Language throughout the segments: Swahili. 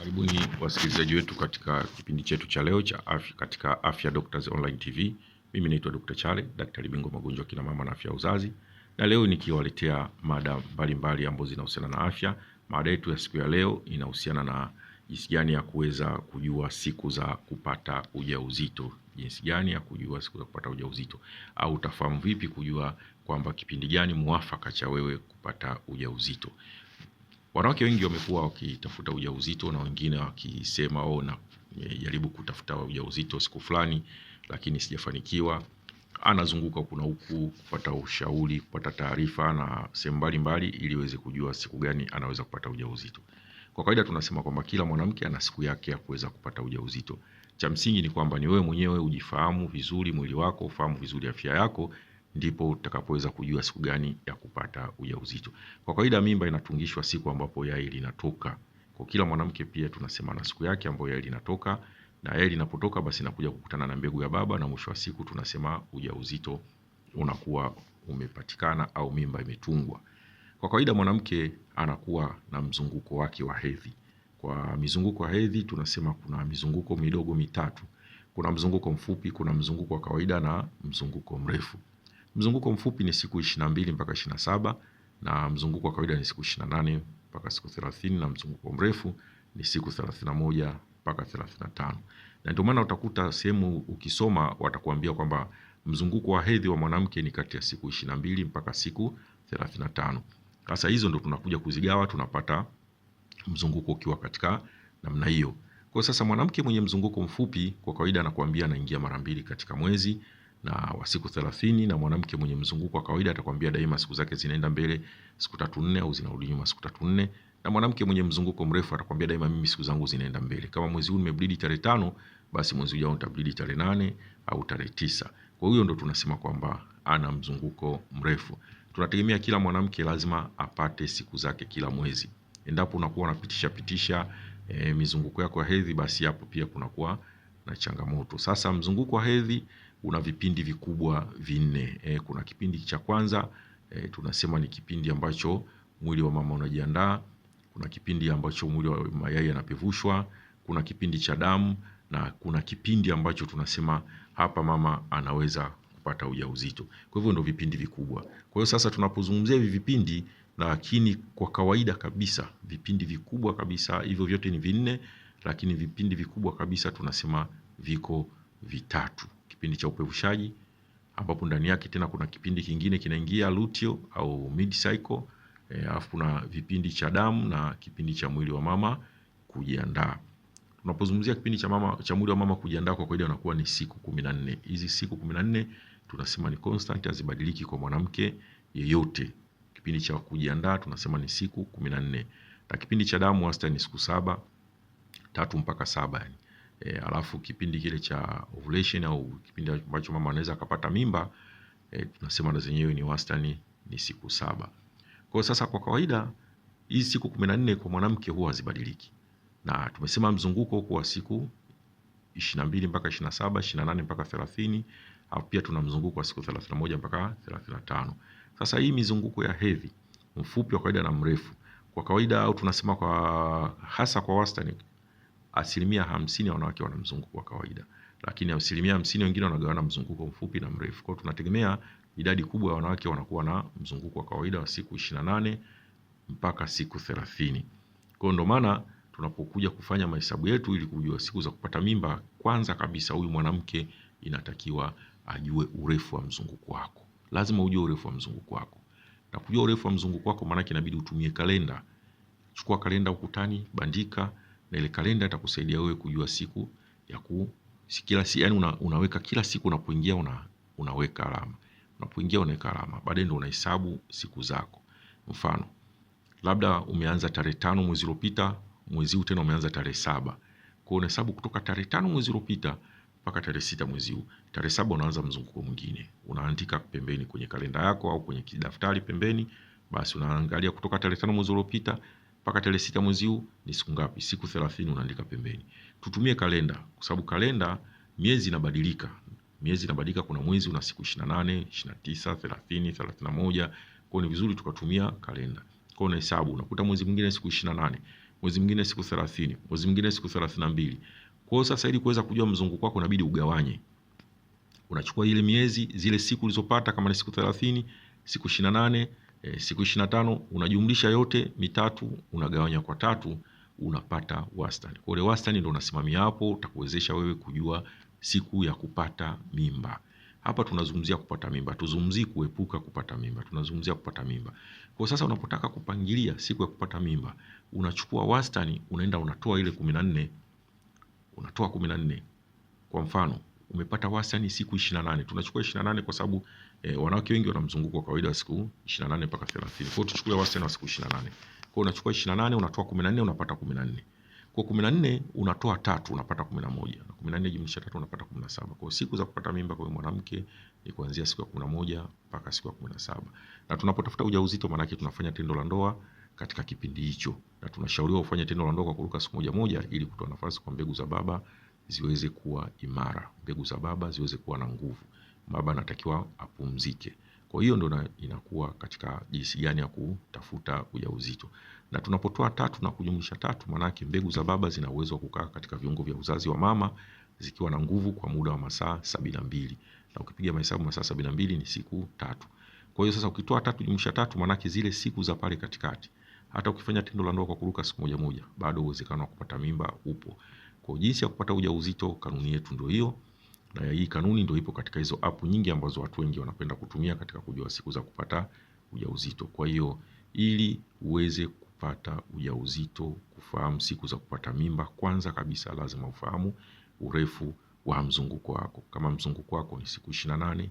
Karibuni wasikilizaji wetu katika kipindi chetu cha leo cha afya katika Afya Doctors Online TV. Mimi naitwa Dr. Chale, daktari bingwa magonjwa kina mama na afya ya uzazi, na leo nikiwaletea mada mbalimbali ambazo zinahusiana na afya. Mada yetu ya siku ya leo inahusiana na jinsi gani ya kuweza kujua siku za kupata ujauzito. Jinsi gani ya kujua siku za kupata ujauzito, au utafahamu vipi kujua kwamba kipindi gani muafaka cha wewe kupata ujauzito? Wanawake wengi wamekuwa wakitafuta ujauzito na wengine wakisema oh, na eh, jaribu kutafuta ujauzito siku fulani lakini sijafanikiwa. Anazunguka kuna huku kupata ushauri, kupata taarifa na sehemu mbalimbali ili aweze kujua siku gani anaweza kupata ujauzito. Kwa kawaida tunasema kwamba kila mwanamke ana siku yake ya kuweza kupata ujauzito. Cha msingi ni kwamba ni wewe mwenyewe ujifahamu vizuri mwili wako, ufahamu vizuri afya yako ndipo utakapoweza kujua siku gani ya kupata ujauzito. Kwa kawaida mimba inatungishwa siku ambapo yai linatoka. Kwa kila mwanamke pia tunasema na siku yake ambayo yai linatoka, na yai linapotoka basi inakuja kukutana na mbegu ya baba, na mwisho wa siku tunasema ujauzito unakuwa umepatikana au mimba imetungwa. Kwa kawaida mwanamke anakuwa na mzunguko wake wa hedhi. Kwa mizunguko ya hedhi tunasema kuna mizunguko midogo mitatu. Kuna mzunguko mfupi, kuna mzunguko wa kawaida na mzunguko mrefu. Mzunguko mfupi ni siku 22 mpaka 27 na mzunguko wa kawaida ni siku 28 mpaka siku 30 na mzunguko mrefu ni siku 31 mpaka 35. Na ndio maana utakuta sehemu ukisoma watakuambia kwamba mzunguko wa hedhi wa mwanamke ni kati ya siku 22 mpaka siku 35. Sasa hizo ndio tunakuja kuzigawa, tunapata mzunguko ukiwa katika namna hiyo. Kwa sasa mwanamke mwenye mzunguko mfupi kwa kawaida anakuambia anaingia mara mbili katika mwezi na wa siku 30 na mwanamke mwenye mzunguko wa kawaida atakwambia daima siku zake zinaenda mbele siku tatu nne au zinarudi nyuma siku tatu nne na mwanamke mwenye mzunguko mrefu atakwambia daima mimi siku zangu zinaenda mbele kama mwezi huu nimeblidi tarehe tano basi mwezi ujao nitablidi tarehe nane au tarehe tisa kwa hiyo ndo tunasema kwamba ana mzunguko mrefu tunategemea kila mwanamke lazima apate siku zake kila mwezi endapo unakuwa unapitisha pitisha, pitisha eh, e, mizunguko yako ya hedhi basi hapo pia kunakuwa na changamoto sasa mzunguko wa hedhi una vipindi vikubwa vinne. E, kuna kipindi cha kwanza e, tunasema ni kipindi ambacho mwili wa mama unajiandaa, kuna kipindi ambacho mwili wa mayai yanapevushwa, kuna kipindi cha damu na kuna kipindi ambacho tunasema hapa mama anaweza kupata ujauzito. Kwa hivyo ndio vipindi vikubwa. Kwa hiyo sasa tunapozungumzia hivi vipindi, lakini kwa kawaida kabisa vipindi vikubwa kabisa hivyo vyote ni vinne, lakini vipindi vikubwa kabisa tunasema viko vitatu kipindi cha upevushaji ambapo ndani yake tena kuna kipindi kingine kinaingia luteal au mid cycle e, alafu e, kuna vipindi cha damu na kipindi cha mwili wa mama kujiandaa. Tunapozungumzia kipindi cha mama cha mwili wa mama kujiandaa, kwa kawaida unakuwa ni siku 14. Hizi siku 14 tunasema ni constant, hazibadiliki kwa mwanamke yeyote. Kipindi cha kujiandaa tunasema ni siku 14 na kipindi cha damu wastani siku saba tatu mpaka saba yani e, alafu kipindi kile cha ovulation au kipindi ambacho mama anaweza akapata mimba e, tunasema na zenyewe ni wastani ni siku saba. Kwa sasa kwa kawaida hizi siku kumi na nne kwa mwanamke huwa hazibadiliki, na tumesema mzunguko wa siku ishirini na mbili mpaka ishirini na saba ishirini na nane mpaka thelathini au pia tuna mzunguko wa siku thelathini na moja mpaka thelathini na tano Sasa hii mizunguko ya hedhi mfupi wa kawaida na mrefu kwa kawaida au tunasema kwa hasa kwa wastani asilimia hamsini ya wanawake wana mzunguko wa kawaida, lakini asilimia hamsini wengine wanagawana mzunguko mfupi na mrefu. Kwa hiyo tunategemea idadi kubwa ya wanawake wanakuwa na mzunguko wa kawaida wa siku ishirini nane mpaka siku thelathini. Kwa hiyo ndo maana tunapokuja kufanya mahesabu yetu ili kujua siku za kupata mimba, kwanza kabisa huyu mwanamke inatakiwa ajue urefu wa mzunguko wako. Lazima ujue urefu wa mzunguko wako, na kujua urefu wa mzunguko wako maanake inabidi utumie kalenda. Chukua kalenda ukutani, bandika na ile kalenda itakusaidia wewe kujua siku ya ku si kila si, yani una, unaweka kila siku unapoingia una, unaweka alama unapoingia unaweka alama, baadaye ndio unahesabu siku zako. Mfano, labda umeanza tarehe tano mwezi uliopita, mwezi huu tena umeanza tarehe saba. Kwa hiyo unahesabu kutoka tarehe tano mwezi uliopita mpaka tarehe sita mwezi huu. Tarehe saba unaanza mzunguko mwingine, unaandika pembeni kwenye kalenda yako au kwenye kidaftari pembeni, basi unaangalia kutoka tarehe tano mwezi uliopita mpaka tarehe sita mwezi huu ni siku ngapi? Siku 30 unaandika pembeni. Tutumie kalenda kwa sababu kalenda miezi inabadilika, miezi inabadilika. Kuna mwezi una siku 28, 29, 30, 31. Kwa hiyo ni vizuri tukatumia kalenda. Kwa hiyo unahesabu, unakuta mwezi mwingine siku 28, mwezi mwingine siku 30, mwezi mwingine siku 32. Kwa hiyo sasa, ili kuweza kujua mzunguko wako, inabidi ugawanye. Unachukua ile miezi, zile siku ulizopata, kama ni siku 30, siku ishirini e, siku ishirini na tano unajumlisha yote mitatu unagawanya kwa tatu unapata wastani. Kwa ile wastani ndio unasimamia hapo, utakuwezesha wewe kujua siku ya kupata mimba. Hapa tunazungumzia kupata mimba, tuzungumzii kuepuka kupata mimba, tunazungumzia kupata mimba. Kwa sasa unapotaka kupangilia siku ya kupata mimba, unachukua wastani, unaenda unatoa ile 14 unatoa 14. Kwa mfano umepata wastani siku 28. tunachukua 28 kwa sababu E, wanawake wengi wana mzunguko wa kawaida wa siku 28 mpaka 30. Kwa hiyo tuchukulie wastani wa siku 28. Kwa hiyo unachukua 28 unatoa 14 unapata 14. Kwa 14 unatoa tatu unapata 11. Na 14 jumlisha tatu unapata 17. Kwa hiyo siku za kupata mimba kwa mwanamke ni kuanzia siku ya 11 mpaka siku ya 17. Na tunapotafuta ujauzito maana yake tunafanya tendo la ndoa katika kipindi hicho na tunashauriwa ufanye tendo la ndoa kwa kuruka siku moja moja ili kutoa nafasi kwa mbegu za baba ziweze kuwa imara, mbegu za baba ziweze kuwa na nguvu baba anatakiwa apumzike. Kwa hiyo ndo inakuwa katika jinsi gani ya kutafuta ujauzito. Na tunapotoa tatu na kujumlisha tatu, manake mbegu za baba zina uwezo wa kukaa katika viungo vya uzazi wa mama zikiwa na nguvu kwa muda wa masaa sabini na mbili na ukipiga mahesabu masaa sabini na mbili ni siku tatu. Kwa hiyo sasa ukitoa tatu jumlisha tatu, manake zile siku za pale katikati, hata ukifanya tendo la ndoa kwa kuruka siku moja moja, bado uwezekano wa kupata mimba upo. Kwa jinsi ya kupata ujauzito, kanuni yetu ndio hiyo. Na hii kanuni ndio ipo katika hizo app nyingi ambazo watu wengi wanapenda kutumia katika kujua siku za kupata ujauzito. Kwa hiyo ili uweze kupata ujauzito, kufahamu siku za kupata mimba, kwanza kabisa lazima ufahamu urefu wa mzunguko wako. Kama mzunguko wako ni siku 28,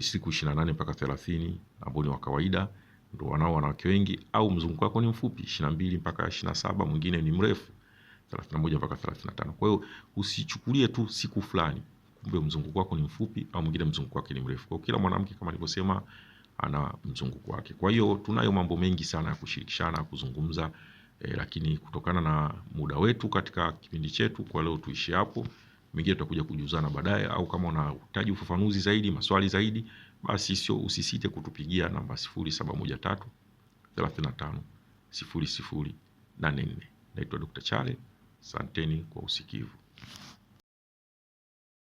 siku 28 mpaka 30 ambao ni wa kawaida ndio wanao wanawake wengi, au mzunguko wako ni mfupi 22 mpaka 27, mwingine ni mrefu 31 mpaka 35. Kwa hiyo usichukulie tu siku fulani kumbe mzunguko wako ni mfupi au mwingine mzunguko wake ni mrefu. Kwa kila mwanamke kama nilivyosema ana mzunguko wake. Kwa hiyo tunayo mambo mengi sana ya kushirikishana, kuzungumza e, lakini kutokana na muda wetu katika kipindi chetu kwa leo tuishi hapo. Mengine tutakuja kujuzana baadaye, au kama unahitaji ufafanuzi zaidi, maswali zaidi, basi sio usisite kutupigia namba 0713 35 00 0084. Naitwa Dr. Chale. santeni kwa usikivu.